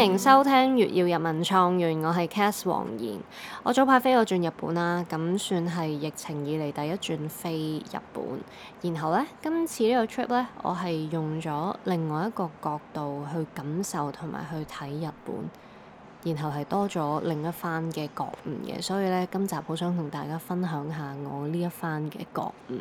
歡迎收聽《月曜日文創園》，我係 Cath 黃妍。我早排飛咗轉日本啦，咁算係疫情以嚟第一轉飛日本。然後呢，今次呢個 trip 呢，我係用咗另外一個角度去感受同埋去睇日本，然後係多咗另一番嘅覺悟嘅。所以呢，今集好想同大家分享下我呢一番嘅覺悟。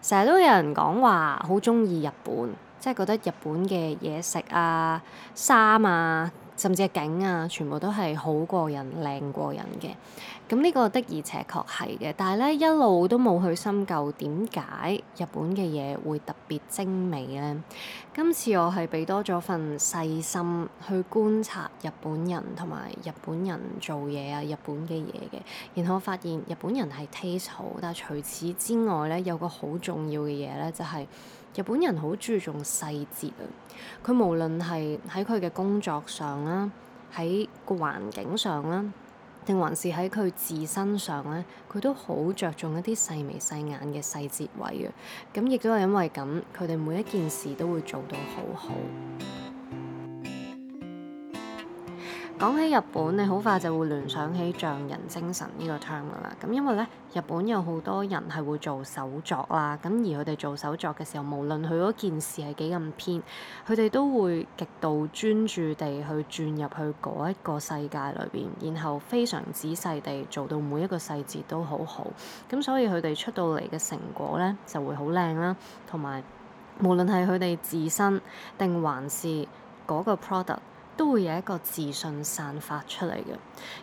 成日都有人講話好中意日本。即係覺得日本嘅嘢食啊、衫啊，甚至係景啊，全部都係好過人、靚過人嘅。咁呢個的而且確係嘅，但係咧，一路都冇去深究點解日本嘅嘢會特別精美呢。今次我係俾多咗份細心去觀察日本人同埋日本人做嘢啊、日本嘅嘢嘅，然後發現日本人係 taste 好，但係除此之外咧，有個好重要嘅嘢咧，就係、是。日本人好注重細節啊！佢無論係喺佢嘅工作上啦，喺個環境上啦，定還是喺佢自身上咧，佢都好着重一啲細眉細眼嘅細節位嘅。咁亦都係因為，咁，佢哋每一件事都會做到好好。講起日本，你好快就會聯想起匠人精神呢個 term 噶啦。咁因為咧，日本有好多人係會做手作啦。咁而佢哋做手作嘅時候，無論佢嗰件事係幾咁偏，佢哋都會極度專注地去轉入去嗰一個世界裏邊，然後非常仔細地做到每一個細節都好好。咁所以佢哋出到嚟嘅成果咧就會好靚啦，同埋無論係佢哋自身定還是嗰個 product，都會有一個自信散發出嚟嘅。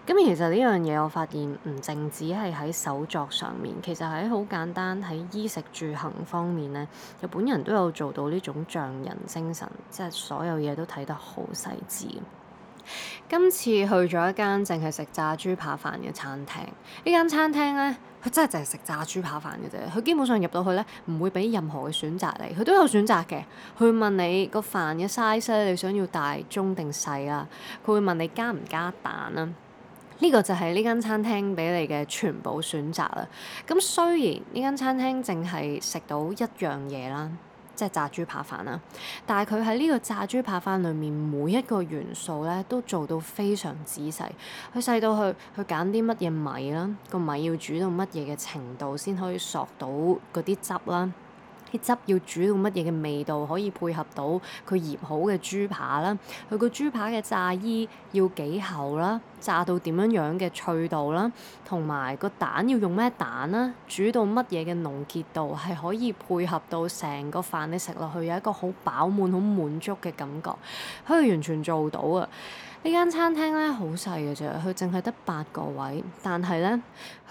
咁其實呢樣嘢，我發現唔淨止係喺手作上面，其實喺好簡單喺衣食住行方面咧，日本人都有做到呢種匠人精神，即係所有嘢都睇得好細緻。今次去咗一間淨係食炸豬扒飯嘅餐廳，間餐廳呢間餐廳咧，佢真係淨係食炸豬扒飯嘅啫。佢基本上入到去咧，唔會俾任何嘅選擇你。佢都有選擇嘅，佢會問你個飯嘅 size 你想要大中、中定細啊？佢會問你加唔加蛋啊？呢、這個就係呢間餐廳俾你嘅全部選擇啦。咁雖然呢間餐廳淨係食到一樣嘢啦。即係炸豬扒飯啦，但係佢喺呢個炸豬扒飯裏面每一個元素咧都做到非常仔細，佢細到去去揀啲乜嘢米啦，個米要煮到乜嘢嘅程度先可以索到嗰啲汁啦。啲汁要煮到乜嘢嘅味道可以配合到佢醃好嘅豬扒啦，佢個豬扒嘅炸衣要幾厚啦，炸到點樣樣嘅脆度啦，同埋個蛋要用咩蛋啦，煮到乜嘢嘅濃結度係可以配合到成個飯你食落去有一個好飽滿好滿足嘅感覺，佢完全做到啊！呢間餐廳咧好細嘅啫，佢淨係得八個位，但係咧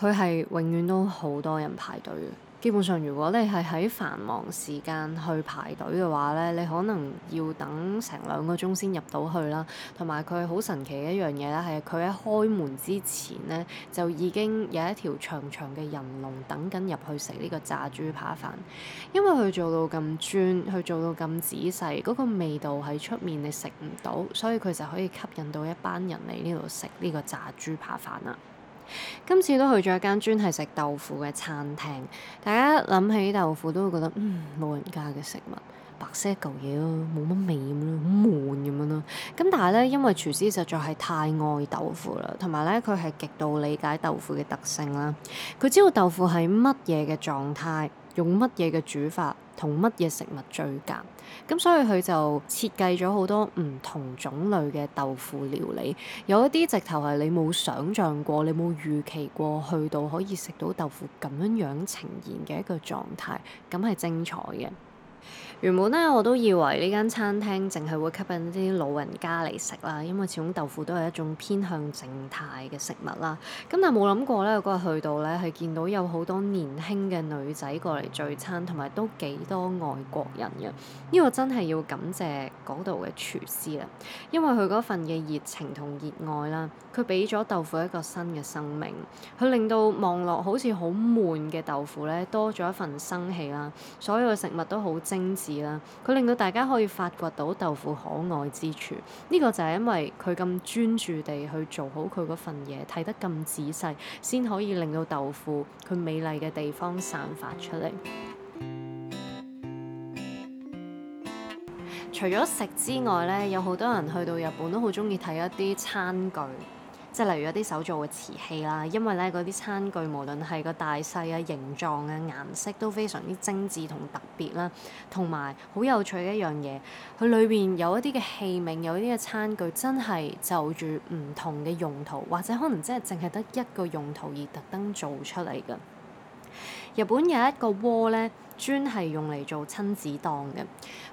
佢係永遠都好多人排隊。基本上，如果你係喺繁忙時間去排隊嘅話咧，你可能要等成兩個鐘先入到去啦。同埋佢好神奇嘅一樣嘢咧，係佢喺開門之前咧，就已經有一條長長嘅人龍等緊入去食呢個炸豬扒飯。因為佢做到咁專，佢做到咁仔細，嗰個味道喺出面你食唔到，所以佢就可以吸引到一班人嚟呢度食呢個炸豬扒飯啦。今次都去咗一間專係食豆腐嘅餐廳，大家諗起豆腐都會覺得，嗯，老人家嘅食物，白色一嚿嘢咯，冇乜味咁咯，好悶咁樣咯。咁但係咧，因為廚師實在係太愛豆腐啦，同埋咧佢係極度理解豆腐嘅特性啦，佢知道豆腐係乜嘢嘅狀態，用乜嘢嘅煮法。同乜嘢食物最夾咁，所以佢就設計咗好多唔同種類嘅豆腐料理，有一啲直頭係你冇想像過，你冇預期過去到可以食到豆腐咁樣樣呈現嘅一個狀態，咁係精彩嘅。原本咧我都以為呢間餐廳淨係會吸引啲老人家嚟食啦，因為始終豆腐都係一種偏向靜態嘅食物啦。咁但係冇諗過咧，嗰日去到咧，係見到有好多年輕嘅女仔過嚟聚餐，同埋都幾多外國人嘅。呢個真係要感謝嗰度嘅廚師啦，因為佢嗰份嘅熱情同熱愛啦，佢俾咗豆腐一個新嘅生命，佢令到望落好似好悶嘅豆腐咧，多咗一份生氣啦。所有嘅食物都好精緻啦，佢令到大家可以發掘到豆腐可愛之處。呢個就係因為佢咁專注地去做好佢嗰份嘢，睇得咁仔細，先可以令到豆腐佢美麗嘅地方散發出嚟。 除咗食之外，呢有好多人去到日本都好中意睇一啲餐具。即係例如一啲手造嘅瓷器啦，因為咧嗰啲餐具無論係個大細啊、形狀啊、顏色都非常之精緻同特別啦，同埋好有趣嘅一樣嘢，佢裏邊有一啲嘅器皿，有一啲嘅餐具真係就住唔同嘅用途，或者可能真係淨係得一個用途而特登做出嚟㗎。日本有一個鍋咧，專係用嚟做親子丼嘅。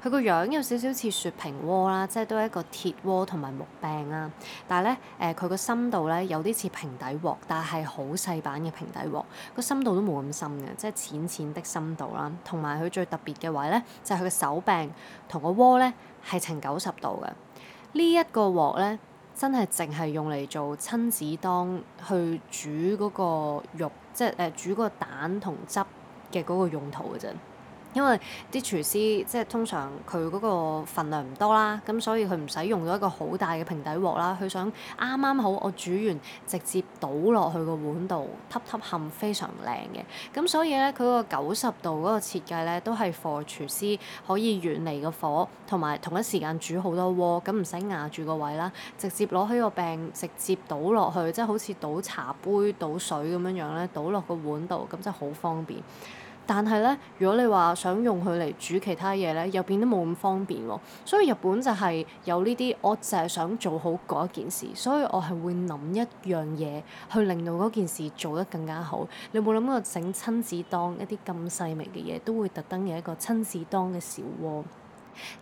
佢個樣有少少似雪平鍋啦，即係都係一個鐵鍋同埋木柄啦。但係咧，誒佢個深度咧有啲似平底鍋，但係好細版嘅平底鍋。個深度都冇咁深嘅，即係淺淺的深度啦。同埋佢最特別嘅位咧，就係佢個手柄同個鍋咧係呈九十度嘅。呢一個鍋咧，真係淨係用嚟做親子丼去煮嗰個肉。即係誒煮嗰個蛋同汁嘅嗰個用途噶啫。因為啲廚師即係通常佢嗰個份量唔多啦，咁所以佢唔使用到一個好大嘅平底鑊啦。佢想啱啱好，我煮完直接倒落去個碗度，㩒㩒冚非常靚嘅。咁所以咧，佢個九十度嗰個設計咧，都係幫廚師可以遠離個火，同埋同一時間煮好多鍋，咁唔使壓住個位啦，直接攞起個柄，直接倒落去，即係好似倒茶杯倒水咁樣樣咧，倒落個碗度，咁就好方便。但係咧，如果你話想用佢嚟煮其他嘢咧，又變得冇咁方便喎。所以日本就係有呢啲，我淨係想做好嗰一件事，所以我係會諗一樣嘢去令到嗰件事做得更加好。你冇諗過整親子丼一啲咁細微嘅嘢，都會特登有一個親子丼嘅小鍋。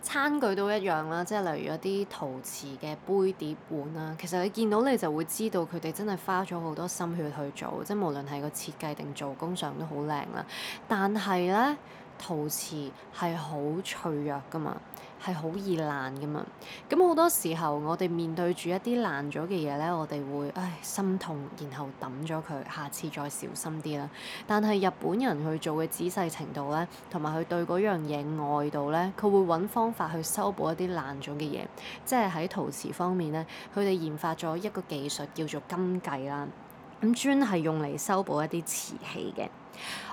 餐具都一樣啦，即係例如一啲陶瓷嘅杯碟碗啦，其實你見到你就會知道佢哋真係花咗好多心血去做，即係無論係個設計定做工上都好靚啦，但係咧，陶瓷係好脆弱噶嘛，係好易爛噶嘛。咁好多時候，我哋面對住一啲爛咗嘅嘢咧，我哋會唉，心痛，然後抌咗佢，下次再小心啲啦。但係日本人去做嘅仔細程度咧，同埋佢對嗰樣嘢愛到咧，佢會揾方法去修補一啲爛咗嘅嘢。即係喺陶瓷方面咧，佢哋研發咗一個技術叫做金繼啦。咁專係用嚟修補一啲瓷器嘅。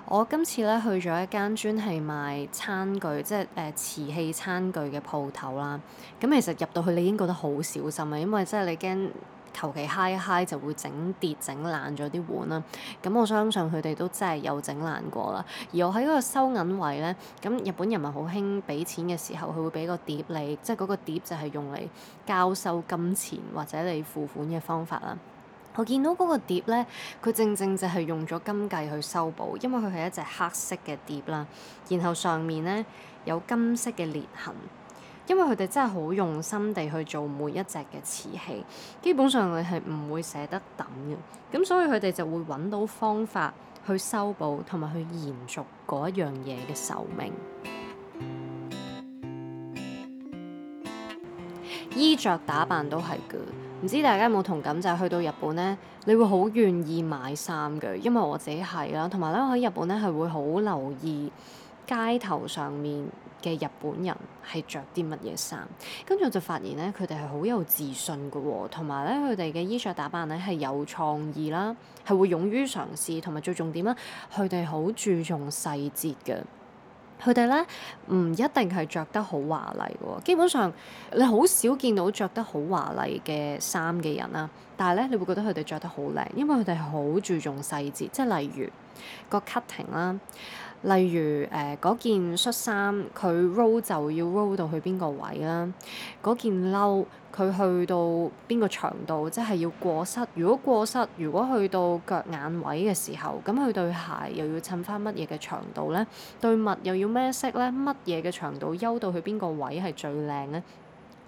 我今次咧去咗一間專係賣餐具，即係誒、呃、瓷器餐具嘅鋪頭啦。咁、嗯、其實入到去你已經覺得好小心啊，因為即係你驚求其嗨 i g 就會整跌整爛咗啲碗啦。咁、嗯、我相信佢哋都真係有整爛過啦。而我喺嗰個收銀位咧，咁、嗯、日本人咪好興俾錢嘅時候，佢會俾個碟你，即係嗰個碟就係用嚟交收金錢或者你付款嘅方法啦。我見到嗰個碟呢，佢正正就係用咗金繼去修補，因為佢係一隻黑色嘅碟啦，然後上面呢，有金色嘅裂痕，因為佢哋真係好用心地去做每一隻嘅瓷器，基本上佢係唔會捨得抌嘅，咁所以佢哋就會揾到方法去修補同埋去延續嗰一樣嘢嘅壽命。衣着打扮都係嘅。唔知大家有冇同感？就係去到日本咧，你會好願意買衫嘅，因為我自己係啦，同埋咧我喺日本咧係會好留意街頭上面嘅日本人係着啲乜嘢衫。跟住我就發現咧，佢哋係好有自信嘅，同埋咧佢哋嘅衣着打扮咧係有創意啦，係會勇於嘗試，同埋最重點咧，佢哋好注重細節嘅。佢哋咧唔一定係着得好華麗嘅，基本上你好少見到着得好華麗嘅衫嘅人啦。但係咧，你會覺得佢哋着得好靚，因為佢哋好注重細節，即係例如個 cutting 啦。例如誒嗰、呃、件恤衫，佢 roll 就要 roll 到去邊個位啦？嗰件褸，佢去到邊個長度，即係要過膝。如果過膝，如果去到腳眼位嘅時候，咁佢對鞋又要襯翻乜嘢嘅長度咧？對襪又要咩色咧？乜嘢嘅長度，優到去邊個位係最靚咧？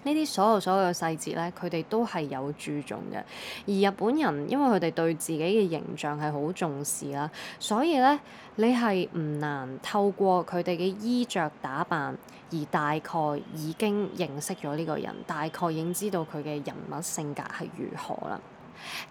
呢啲所有所有嘅細節咧，佢哋都係有注重嘅。而日本人因為佢哋對自己嘅形象係好重視啦，所以咧，你係唔難透過佢哋嘅衣着打扮而大概已經認識咗呢個人，大概已經知道佢嘅人物性格係如何啦。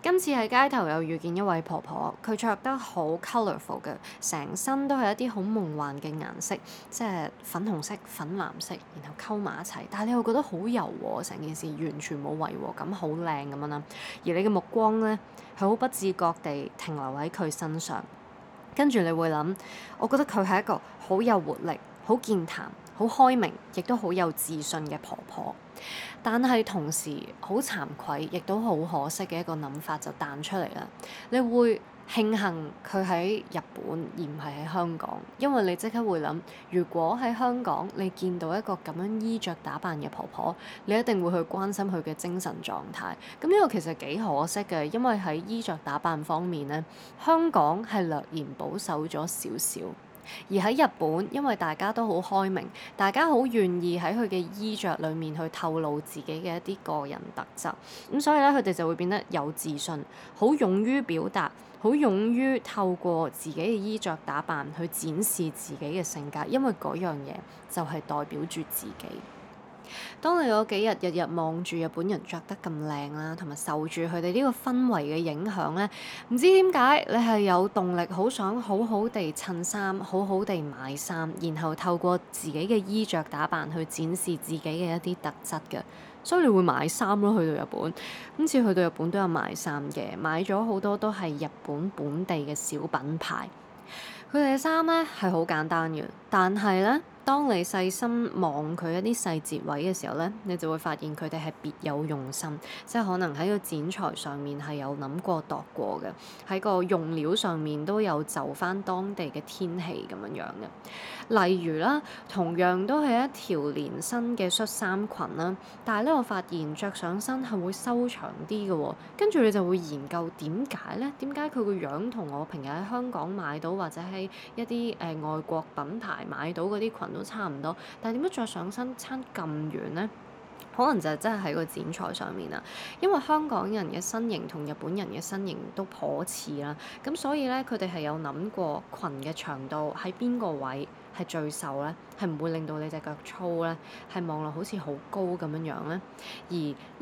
今次喺街頭又遇見一位婆婆，佢着得好 colourful 嘅，成身都係一啲好夢幻嘅顏色，即係粉紅色、粉藍色，然後溝埋一齊。但係你會覺得好柔和，成件事完全冇違和感，好靚咁樣啦。而你嘅目光呢，係好不自覺地停留喺佢身上，跟住你會諗，我覺得佢係一個好有活力、好健談、好開明，亦都好有自信嘅婆婆。但係同時好慚愧，亦都好可惜嘅一個諗法就彈出嚟啦。你會慶幸佢喺日本而唔係喺香港，因為你即刻會諗，如果喺香港你見到一個咁樣衣着打扮嘅婆婆，你一定會去關心佢嘅精神狀態。咁呢個其實幾可惜嘅，因為喺衣着打扮方面呢，香港係略然保守咗少少。而喺日本，因為大家都好開明，大家好願意喺佢嘅衣着裡面去透露自己嘅一啲個人特質，咁所以咧，佢哋就會變得有自信，好勇於表達，好勇於透過自己嘅衣着打扮去展示自己嘅性格，因為嗰樣嘢就係代表住自己。當你嗰幾日日日望住日本人着得咁靚啦，同埋受住佢哋呢個氛圍嘅影響咧，唔知點解你係有動力好想好好地襯衫，好好地買衫，然後透過自己嘅衣着打扮去展示自己嘅一啲特質嘅，所以你會買衫咯。去到日本，今次去到日本都有買衫嘅，買咗好多都係日本本地嘅小品牌。佢哋嘅衫咧係好簡單嘅。但係咧，當你細心望佢一啲細節位嘅時候咧，你就會發現佢哋係別有用心，即係可能喺個剪裁上面係有諗過度過嘅，喺個用料上面都有就翻當地嘅天氣咁樣樣嘅。例如啦，同樣都係一條連身嘅恤衫裙啦，但係咧，我發現着上身係會收長啲嘅喎，跟住你就會研究點解咧，點解佢個樣同我平日喺香港買到或者喺一啲誒、呃、外國品牌買到嗰啲裙都差唔多，但係點解着上身差咁遠呢？可能就係真係喺個剪裁上面啦，因為香港人嘅身形同日本人嘅身形都頗似啦，咁所以呢，佢哋係有諗過裙嘅長度喺邊個位。係最瘦咧，係唔會令到你隻腳粗咧，係望落好似好高咁樣樣咧。而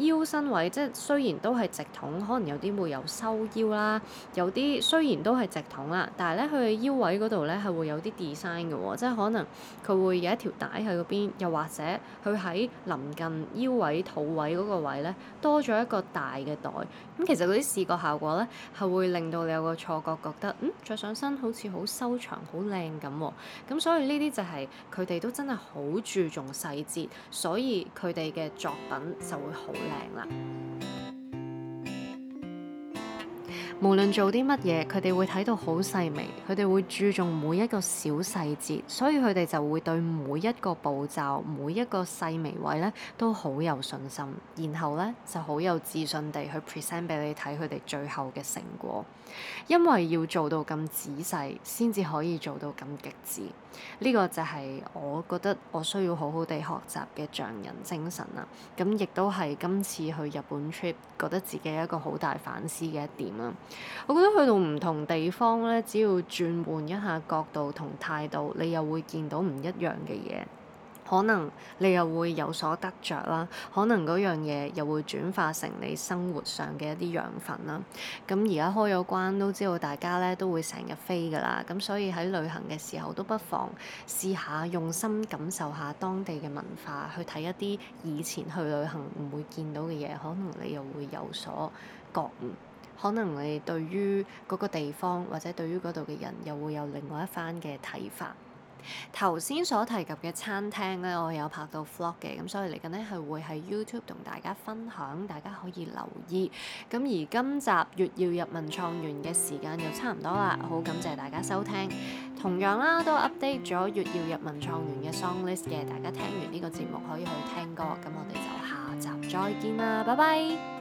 腰身位即係雖然都係直筒，可能有啲會有收腰啦，有啲雖然都係直筒啦，但係咧佢嘅腰位嗰度咧係會有啲 design 嘅喎，即係可能佢會有一條帶喺嗰邊，又或者佢喺臨近腰位、肚位嗰個位咧多咗一個大嘅袋。咁其實嗰啲視覺效果咧係會令到你有個錯覺，覺得嗯着上身好似好修長、好靚咁。咁所以呢啲就係佢哋都真係好注重細節，所以佢哋嘅作品就會好靚啦。無論做啲乜嘢，佢哋會睇到好細微，佢哋會注重每一個小細節，所以佢哋就會對每一個步驟、每一個細微位咧都好有信心，然後咧就好有自信地去 present 俾你睇佢哋最後嘅成果，因為要做到咁仔細，先至可以做到咁極致。呢個就係我覺得我需要好好地學習嘅匠人精神啦。咁亦都係今次去日本 trip，覺得自己一個好大反思嘅一點啦。我覺得去到唔同地方咧，只要轉換一下角度同態度，你又會見到唔一樣嘅嘢，可能你又會有所得着啦，可能嗰樣嘢又會轉化成你生活上嘅一啲養分啦。咁而家開咗關都知道大家咧都會成日飛㗎喇，咁所以喺旅行嘅時候都不妨試下用心感受下當地嘅文化，去睇一啲以前去旅行唔會見到嘅嘢，可能你又會有所覺悟。可能你對於嗰個地方或者對於嗰度嘅人又會有另外一番嘅睇法。頭先所提及嘅餐廳呢，我有拍到 vlog 嘅，咁所以嚟緊呢係會喺 YouTube 同大家分享，大家可以留意。咁而今集月曜日文創園嘅時間就差唔多啦，好感謝大家收聽。同樣啦，都 update 咗月曜日文創園嘅 song list 嘅，大家聽完呢個節目可以去聽歌。咁我哋就下集再見啦，拜拜。